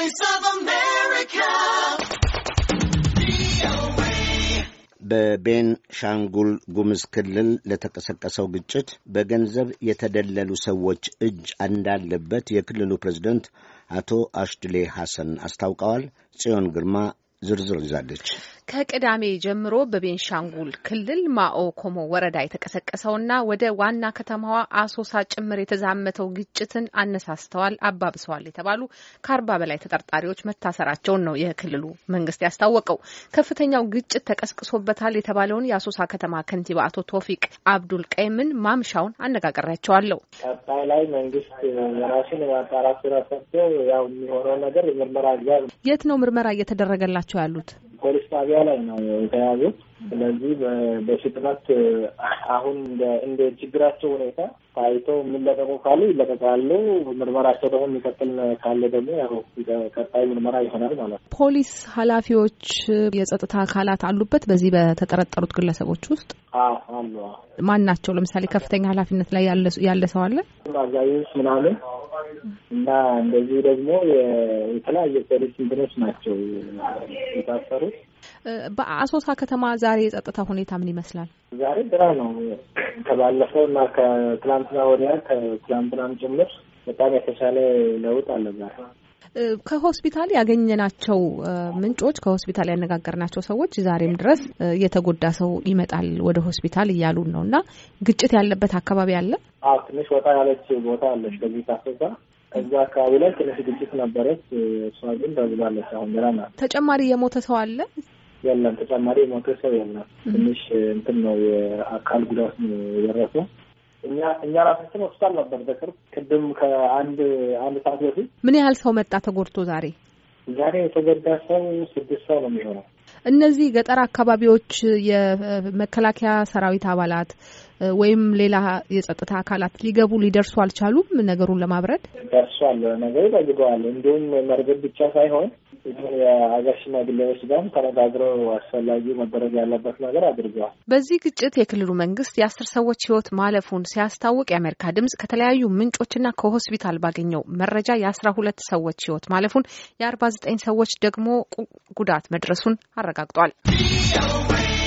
Voice of America. ሻንጉል ጉምዝ ክልል ለተቀሰቀሰው ግጭት በገንዘብ የተደለሉ ሰዎች እጅ እንዳለበት የክልሉ ፕሬዝደንት አቶ አሽድሌ ሐሰን አስታውቀዋል። ጽዮን ግርማ ዝርዝር ይዛለች። ከቅዳሜ ጀምሮ በቤንሻንጉል ክልል ማኦ ኮሞ ወረዳ የተቀሰቀሰውና ወደ ዋና ከተማዋ አሶሳ ጭምር የተዛመተው ግጭትን አነሳስተዋል፣ አባብሰዋል የተባሉ ከአርባ በላይ ተጠርጣሪዎች መታሰራቸውን ነው የክልሉ መንግስት ያስታወቀው። ከፍተኛው ግጭት ተቀስቅሶበታል የተባለውን የአሶሳ ከተማ ከንቲባ አቶ ቶፊቅ አብዱል ቀይምን ማምሻውን አነጋግሬያቸዋለሁ። ቀጣይ ላይ መንግስት የራሱን የማጣራት ስራ ሰርቶ ያው የሚሆነው ነገር የምርመራ የት ነው ምርመራ እየተደረገላቸው ያሉት? ፖሊስ ጣቢያ ላይ ነው የተያዙት። ስለዚህ በፍጥነት አሁን እንደ ችግራቸው ሁኔታ ታይቶ የሚለቀቁ ካሉ ይለቀቃሉ። ምርመራቸው ደግሞ የሚቀጥል ካለ ደግሞ ያው ቀጣይ ምርመራ ይሆናል ማለት ነው። ፖሊስ ኃላፊዎች የጸጥታ አካላት አሉበት በዚህ በተጠረጠሩት ግለሰቦች ውስጥ አሉ። ማን ናቸው? ለምሳሌ ከፍተኛ ኃላፊነት ላይ ያለ ሰው አለ አዛዥ ምናምን እና እንደዚህ ደግሞ የተለያየ ፖሊስ እንትኖች ናቸው የታሰሩት። በአሶሳ ከተማ ዛሬ የጸጥታ ሁኔታ ምን ይመስላል? ዛሬ ብራ ነው ከባለፈው እና ከትላንትና ወዲያ ከትላንትናም ጭምር በጣም የተሻለ ለውጥ አለ ዛሬ። ከሆስፒታል ያገኘናቸው ምንጮች ከሆስፒታል ያነጋገርናቸው ሰዎች ዛሬም ድረስ የተጎዳ ሰው ይመጣል ወደ ሆስፒታል እያሉን ነው። እና ግጭት ያለበት አካባቢ አለ። ትንሽ ወጣ ያለች ቦታ አለች ከዚህ ታሰዛ እዛ አካባቢ ላይ ትንሽ ግጭት ነበረች። እሷ ግን በዝባለች። አሁን ገና ናት። ተጨማሪ የሞተ ሰው አለ? የለም፣ ተጨማሪ የሞተ ሰው የለም። ትንሽ እንትን ነው የአካል ጉዳት የደረሰው። እኛ እኛ ራሳችን ሆስፒታል ነበር በቅርብ ቅድም ከአንድ አንድ ሰዓት በፊት። ምን ያህል ሰው መጣ ተጎድቶ ዛሬ? ዛሬ የተጎዳ ሰው ስድስት ሰው ነው የሚሆነው። እነዚህ ገጠር አካባቢዎች የመከላከያ ሰራዊት አባላት ወይም ሌላ የጸጥታ አካላት ሊገቡ ሊደርሱ አልቻሉም። ነገሩን ለማብረድ ደርሷል። ነገሩ ጠግበዋል። እንዲሁም መርገብ ብቻ ሳይሆን የሀገር ሽማግሌዎች ጋርም ተነጋግረው መደረግ ያለበት ነገር አድርገዋል። በዚህ ግጭት የክልሉ መንግስት የአስር ሰዎች ህይወት ማለፉን ሲያስታውቅ የአሜሪካ ድምጽ ከተለያዩ ምንጮችና ከሆስፒታል ባገኘው መረጃ የአስራ ሁለት ሰዎች ህይወት ማለፉን የአርባ ዘጠኝ ሰዎች ደግሞ ጉዳት መድረሱን አረጋግጧል።